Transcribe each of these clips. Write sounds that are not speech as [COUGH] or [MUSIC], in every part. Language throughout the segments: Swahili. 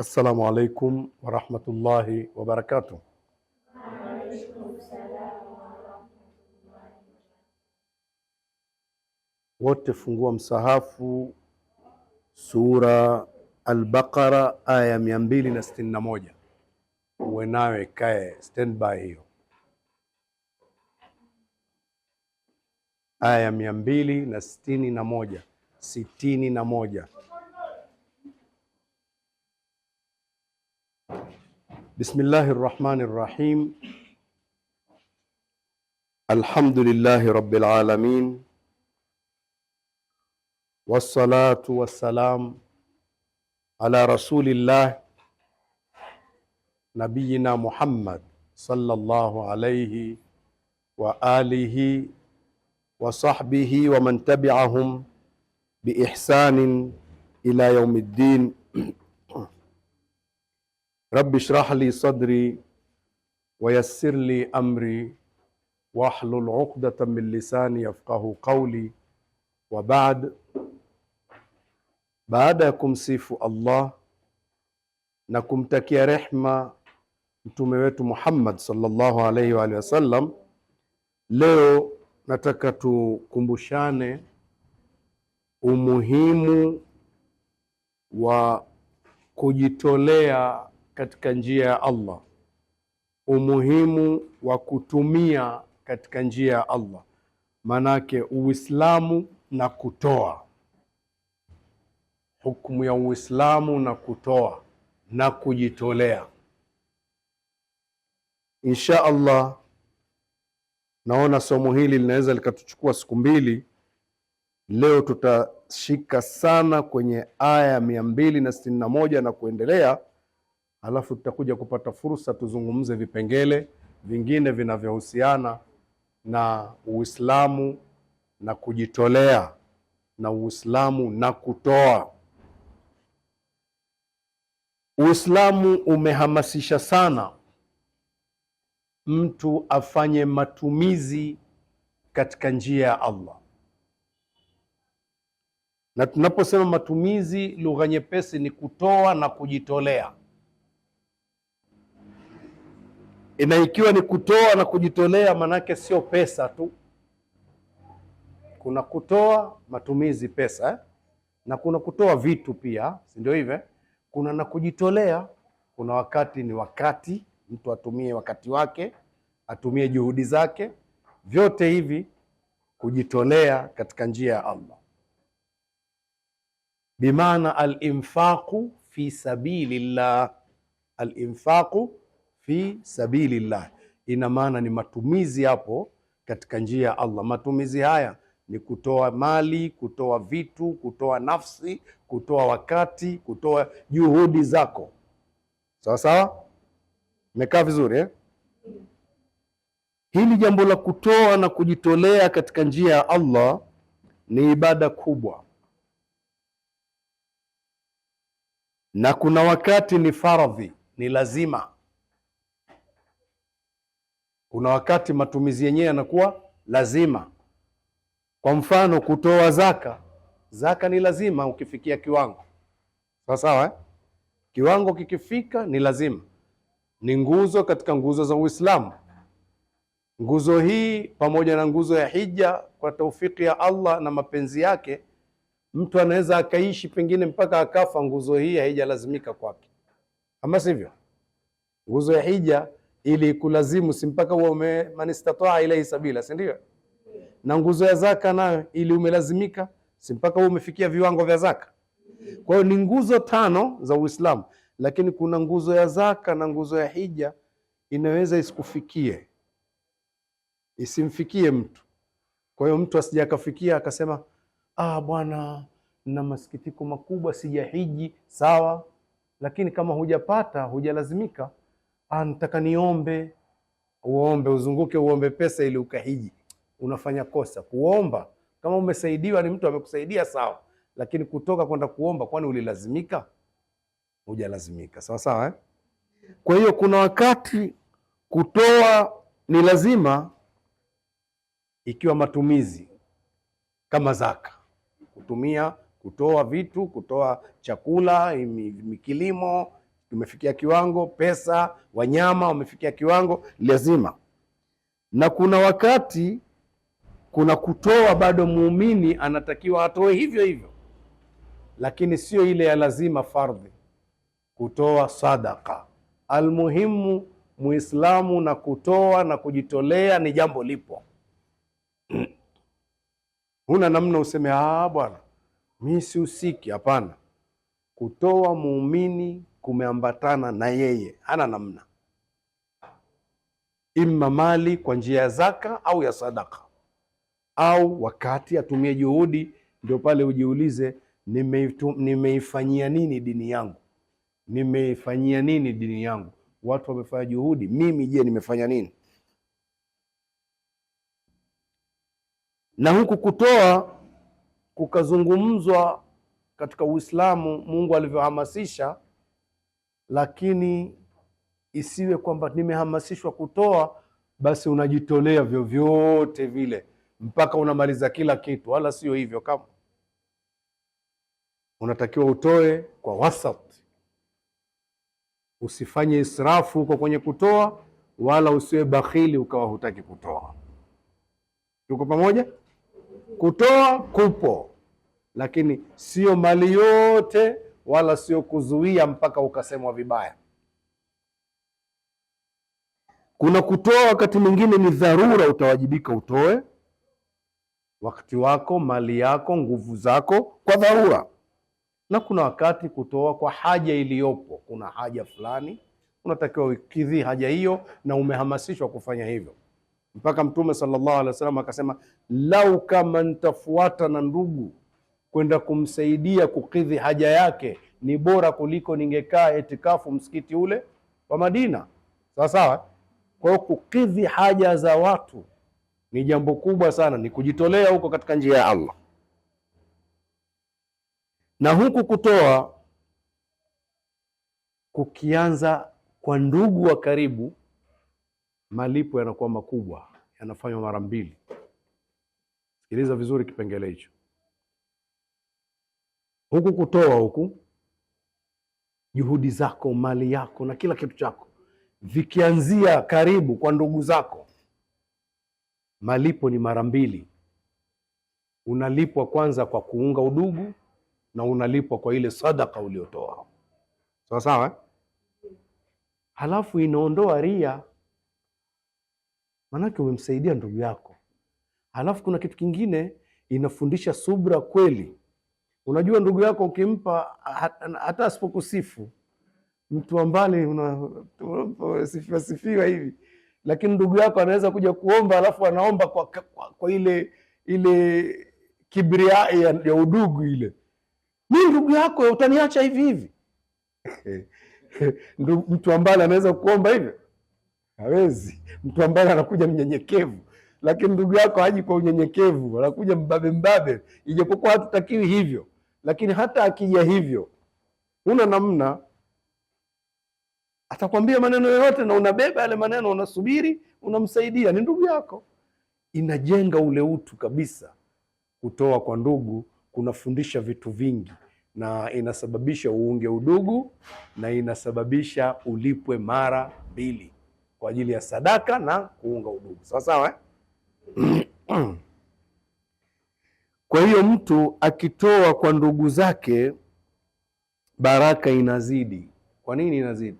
Assalamu alaikum warahmatullahi wabarakatuh. Wote fungua msahafu sura Al-Baqara aya mia mbili na sitini na moja uwe nayo ikae standby hiyo aya mia mbili na sitini na moja sitini na moja بسم الله الرحمن الرحيم الحمد لله رب العالمين والصلاة والسلام على رسول الله نبينا محمد صلى الله عليه وآله وصحبه ومن تبعهم بإحسان إلى يوم الدين Rabbi shrah li sadri wayassir li amri wahlul uqdata min lisani yafqahu qawli wa ba'd. Baada ya kumsifu Allah na kumtakia rehma mtume wetu Muhammad sallallahu alaihi wa alihi wasallam, leo nataka tukumbushane umuhimu wa kujitolea katika njia ya Allah, umuhimu wa kutumia katika njia ya Allah, maanake Uislamu na kutoa, hukumu ya Uislamu na kutoa na kujitolea. Insha Allah, naona somo hili linaweza likatuchukua siku mbili. Leo tutashika sana kwenye aya mia mbili na sitini na moja na kuendelea alafu tutakuja kupata fursa tuzungumze vipengele vingine vinavyohusiana na Uislamu na kujitolea na Uislamu na kutoa. Uislamu umehamasisha sana mtu afanye matumizi katika njia ya Allah, na tunaposema matumizi, lugha nyepesi ni kutoa na kujitolea. na ikiwa ni kutoa na kujitolea, manake sio pesa tu. Kuna kutoa matumizi pesa, eh? na kuna kutoa vitu pia, si ndio hivyo? Eh? Kuna na kujitolea. Kuna wakati ni wakati mtu atumie wakati wake, atumie juhudi zake, vyote hivi kujitolea katika njia ya Allah, bimaana al-infaqu fi sabilillah, al-infaqu fi sabilillah, ina maana ni matumizi hapo katika njia ya Allah. Matumizi haya ni kutoa mali, kutoa vitu, kutoa nafsi, kutoa wakati, kutoa juhudi zako. Sawa sawa, imekaa vizuri eh? Hili jambo la kutoa na kujitolea katika njia ya Allah ni ibada kubwa, na kuna wakati ni faradhi, ni lazima kuna wakati matumizi yenyewe yanakuwa lazima. Kwa mfano kutoa zaka, zaka ni lazima ukifikia kiwango sawa sawa, eh? Kiwango kikifika ni lazima, ni nguzo katika nguzo za Uislamu. Nguzo hii pamoja na nguzo ya hija, kwa taufiki ya Allah na mapenzi yake, mtu anaweza akaishi pengine mpaka akafa, nguzo hii haijalazimika kwake, ama sivyo? Nguzo ya hija ili kulazimu, si mpaka huwa ume manistataa ilaihi sabila, si ndio? Na nguzo ya zaka nayo ili umelazimika, si mpaka huwa umefikia viwango vya zaka. Kwa hiyo ni nguzo tano za Uislamu, lakini kuna nguzo ya zaka na nguzo ya hija inaweza isikufikie, isimfikie mtu. Kwa hiyo mtu asija akafikia akasema, ah, bwana na masikitiko makubwa sijahiji. Sawa, lakini kama hujapata, hujalazimika anataka ah, niombe. Uombe, uzunguke uombe pesa ili ukahiji, unafanya kosa. Kuomba kama umesaidiwa, ni mtu amekusaidia sawa, lakini kutoka kwenda kuomba, kwani ulilazimika? Hujalazimika, sawa sawa eh? Kwa hiyo kuna wakati kutoa ni lazima, ikiwa matumizi kama zaka, kutumia kutoa vitu, kutoa chakula, mikilimo tumefikia kiwango, pesa, wanyama wamefikia kiwango, lazima na kuna wakati kuna kutoa bado, muumini anatakiwa atoe hivyo hivyo, lakini sio ile ya lazima fardhi, kutoa sadaka. Almuhimu muislamu na kutoa na kujitolea ni jambo lipo. [CLEARS THROAT] Huna namna useme ah, bwana mi sihusiki. Hapana, kutoa muumini kumeambatana na yeye, hana namna, imma mali kwa njia ya zaka au ya sadaka, au wakati atumie juhudi. Ndio pale ujiulize, nimeifanyia nini dini yangu? Nimeifanyia nini dini yangu? Watu wamefanya juhudi, mimi je, nimefanya nini? Na huku kutoa kukazungumzwa katika Uislamu, Mungu alivyohamasisha lakini isiwe kwamba nimehamasishwa kutoa, basi unajitolea vyovyote vile mpaka unamaliza kila kitu. Wala sio hivyo. Kama unatakiwa utoe kwa wasati, usifanye israfu huko kwenye kutoa, wala usiwe bakhili ukawa hutaki kutoa. Tuko pamoja? Kutoa kupo, lakini sio mali yote wala sio kuzuia mpaka ukasemwa vibaya. Kuna kutoa wakati mwingine ni dharura, utawajibika utoe wakati wako, mali yako, nguvu zako kwa dharura, na kuna wakati kutoa kwa haja iliyopo. Kuna haja fulani unatakiwa ukidhi haja hiyo, na umehamasishwa kufanya hivyo. Mpaka Mtume sallallahu alaihi wasallam akasema, lau kama ntafuata na ndugu kwenda kumsaidia kukidhi haja yake ni bora kuliko ningekaa itikafu msikiti ule wa Madina. Sawa sawa. Kwa hiyo kukidhi haja za watu ni jambo kubwa sana, ni kujitolea huko katika njia ya Allah, na huku kutoa kukianza kwa ndugu wa karibu, malipo yanakuwa makubwa, yanafanywa mara mbili. Sikiliza vizuri kipengele hicho huku kutoa huku juhudi zako, mali yako na kila kitu chako vikianzia karibu kwa ndugu zako, malipo ni mara mbili. Unalipwa kwanza kwa kuunga udugu na unalipwa kwa ile sadaka uliotoa, sawa sawa. Eh? Halafu inaondoa ria, maanake umemsaidia ndugu yako. Halafu kuna kitu kingine, inafundisha subra kweli Unajua ndugu yako ukimpa hata asipokusifu mtu wa mbali sifiwa hivi, lakini ndugu yako anaweza kuja kuomba, alafu anaomba kwa, kwa, kwa ile ile kibria ya, ya udugu ile, mi ndugu yako utaniacha hivi hivi [LAUGHS] mtu ambali anaweza kuomba hivyo? Hawezi. Mtu ambali anakuja mnyenyekevu lakini ndugu yako haji kwa unyenyekevu, anakuja mbabe mbabe, ijapokuwa hatutakiwi hivyo. Lakini hata akija hivyo, huna namna, atakwambia maneno yoyote, na unabeba yale maneno, unasubiri, unamsaidia. Ni ndugu yako, inajenga ule utu kabisa. Kutoa kwa ndugu kunafundisha vitu vingi, na inasababisha uunge udugu, na inasababisha ulipwe mara mbili kwa ajili ya sadaka na kuunga udugu, sawa sawa eh? [CLEARS THROAT] Kwa hiyo mtu akitoa kwa ndugu zake baraka inazidi. Kwa nini inazidi?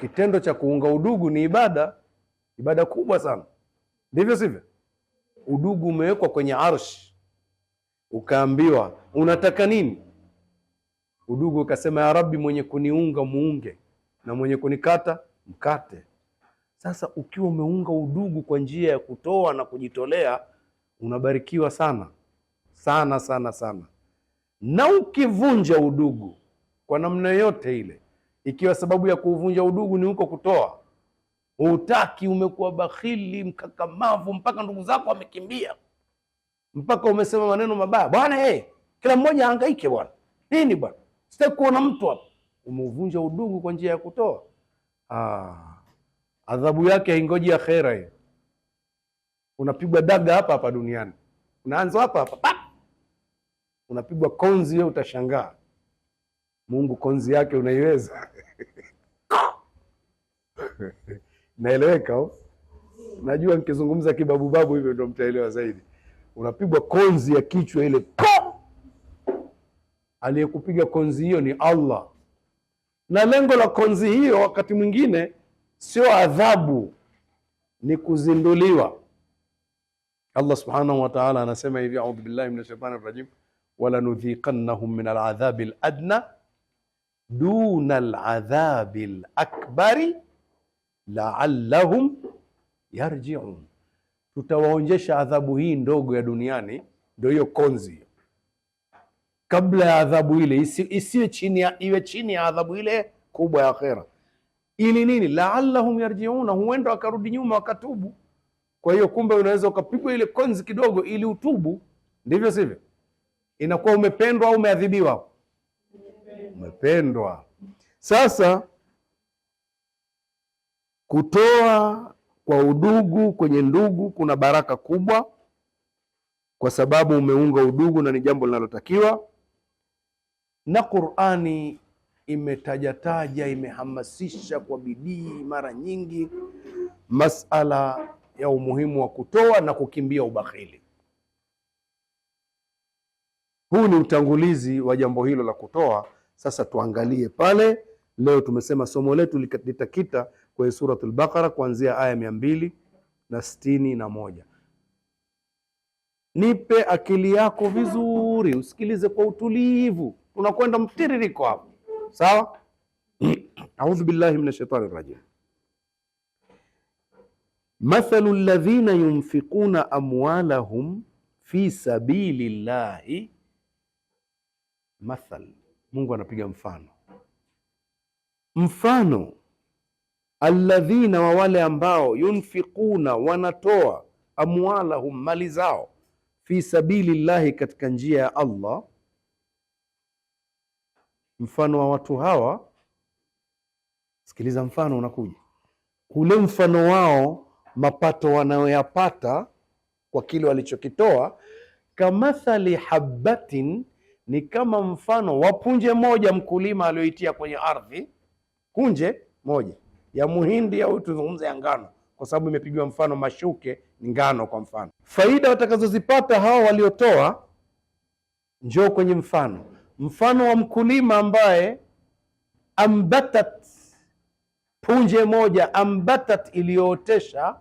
Kitendo cha kuunga udugu ni ibada, ibada kubwa sana, ndivyo sivyo? Udugu umewekwa kwenye arshi, ukaambiwa unataka nini? Udugu ukasema, ya Rabbi, mwenye kuniunga muunge na mwenye kunikata mkate. Sasa ukiwa umeunga udugu kwa njia ya kutoa na kujitolea unabarikiwa sana sana sana sana. Na ukivunja udugu kwa namna yote ile, ikiwa sababu ya kuvunja udugu ni huko kutoa, hutaki, umekuwa bakhili mkakamavu, mpaka ndugu zako wamekimbia, mpaka umesema maneno mabaya bwana. Hey, eh, kila mmoja ahangaike bwana, nini bwana, sitaki kuona mtu hapa. Umeuvunja udugu kwa njia ya kutoa. Ah, adhabu yake haingoji akhera hiyo unapigwa daga hapa hapa duniani, unaanza hapa hapa, unapigwa konzi Wewe utashangaa Mungu konzi yake unaiweza. [LAUGHS] Naeleweka? Najua nikizungumza kibabubabu hivyo ndio mtaelewa zaidi. Unapigwa konzi ya kichwa ile, aliyekupiga konzi hiyo ni Allah, na lengo la konzi hiyo wakati mwingine sio adhabu, ni kuzinduliwa Allah subhanahu wa ta'ala anasema hivi, audhu billahi min shaitani rajim, walanudhiqannahum min aladhabi ladna duna aladhabi lakbari laallahum yarjiun, tutawaonjesha adhabu hii ndogo ya duniani, ndio hiyo konzi, kabla ya adhabu ile isiwe chini ya iwe chini ya adhabu ile kubwa ya akhera, ili nini? Laallahum yarjiuna, huenda wakarudi nyuma wakatubu. Kwa hiyo kumbe unaweza ukapigwa ile konzi kidogo ili utubu, ndivyo sivyo? Inakuwa umependwa au umeadhibiwa? Umependwa. Sasa kutoa kwa udugu kwenye ndugu kuna baraka kubwa, kwa sababu umeunga udugu na ni jambo linalotakiwa, na Qur'ani imetajataja, imehamasisha kwa bidii mara nyingi masala ya umuhimu wa kutoa na kukimbia ubakhili. Huu ni utangulizi wa jambo hilo la kutoa. Sasa tuangalie pale. Leo tumesema somo letu litakita kwenye Suratul Baqara kuanzia aya mia mbili na sitini na moja. Nipe akili yako vizuri, usikilize kwa utulivu, tunakwenda mtiririko hapo, sawa? [CLEARS THROAT] Audhu billahi rajim mathalu alladhina yunfiquna amwalahum fi sabili llahi mathal, Mungu anapiga mfano, mfano alladhina, wa wale ambao yunfiquna, wanatoa amwalahum, mali zao, fi sabili llahi, katika njia ya Allah. Mfano wa watu hawa, sikiliza, mfano unakuja kule, mfano wao mapato wanayoyapata kwa kile walichokitoa. Kamathali habatin ni kama mfano wa punje moja mkulima aliyoitia kwenye ardhi. Punje moja ya muhindi au tuzungumze ya ngano, kwa sababu imepigiwa mfano mashuke ni ngano. Kwa mfano, faida watakazozipata hawa waliotoa, njoo kwenye mfano, mfano wa mkulima ambaye ambatat punje moja ambatat iliyootesha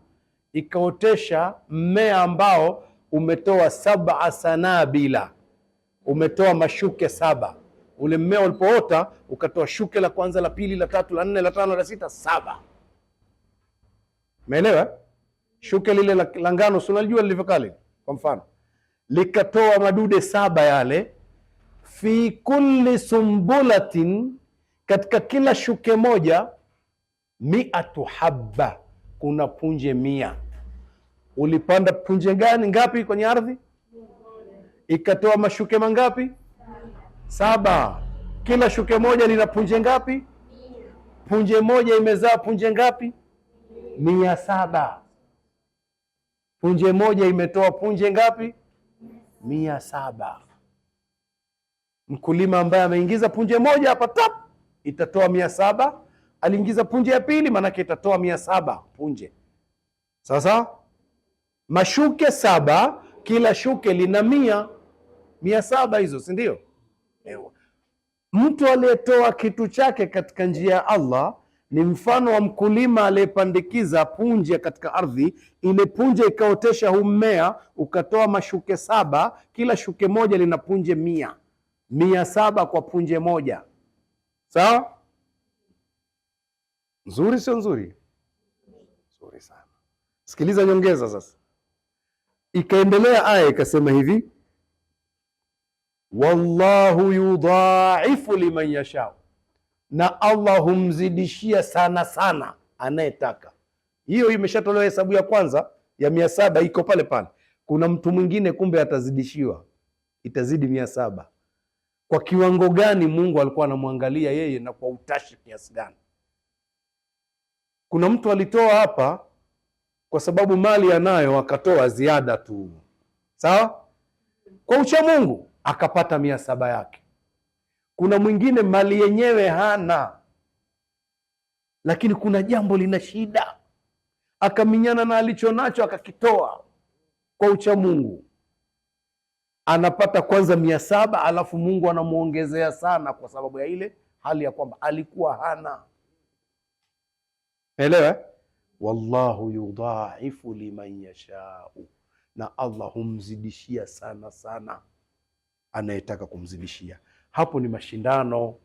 ikaotesha mmea ambao umetoa saba sanabila, umetoa mashuke saba. Ule mmea ulipoota ukatoa shuke la kwanza, la pili, la tatu, la nne, la tano, la sita, saba. Umeelewa? Shuke lile la ngano, si unalijua lilivyokali, kwa mfano likatoa madude saba yale. Fi kulli sumbulatin, katika kila shuke moja, miatu habba, kuna punje mia Ulipanda punje gani ngapi kwenye ardhi? Ikatoa mashuke mangapi? Saba. Kila shuke moja lina punje ngapi? Punje moja imezaa punje ngapi? Mia saba. Punje moja imetoa punje ngapi? Mia saba. Mkulima ambaye ameingiza punje moja hapa tap, itatoa mia saba. Aliingiza punje ya pili, maanake itatoa mia saba punje. Sasa mashuke saba, kila shuke lina mia mia saba hizo, si ndio? Mtu aliyetoa kitu chake katika njia ya Allah ni mfano wa mkulima aliyepandikiza punje katika ardhi. Ile punje ikaotesha huu mmea, ukatoa mashuke saba, kila shuke moja lina punje mia mia saba kwa punje moja. Sawa, nzuri sio nzuri? Nzuri sana. Sikiliza nyongeza sasa. Ikaendelea aya ikasema hivi, wallahu yudhaifu liman yashau, na Allah humzidishia sana sana anayetaka. Hiyo imeshatolewa hesabu ya kwanza ya mia saba iko pale pale. Kuna mtu mwingine kumbe atazidishiwa, itazidi mia saba. Kwa kiwango gani Mungu alikuwa anamwangalia yeye na kwa utashi kiasi gani? Kuna mtu alitoa hapa kwa sababu mali anayo, akatoa ziada tu, sawa, kwa ucha Mungu akapata mia saba yake. Kuna mwingine mali yenyewe hana, lakini kuna jambo lina shida, akaminyana na alicho nacho akakitoa kwa ucha Mungu, anapata kwanza mia saba alafu Mungu anamwongezea sana, kwa sababu ya ile hali ya kwamba alikuwa hana. Elewa wallahu yudhaifu liman yashau, na Allah humzidishia sana sana anayetaka kumzidishia. Hapo ni mashindano.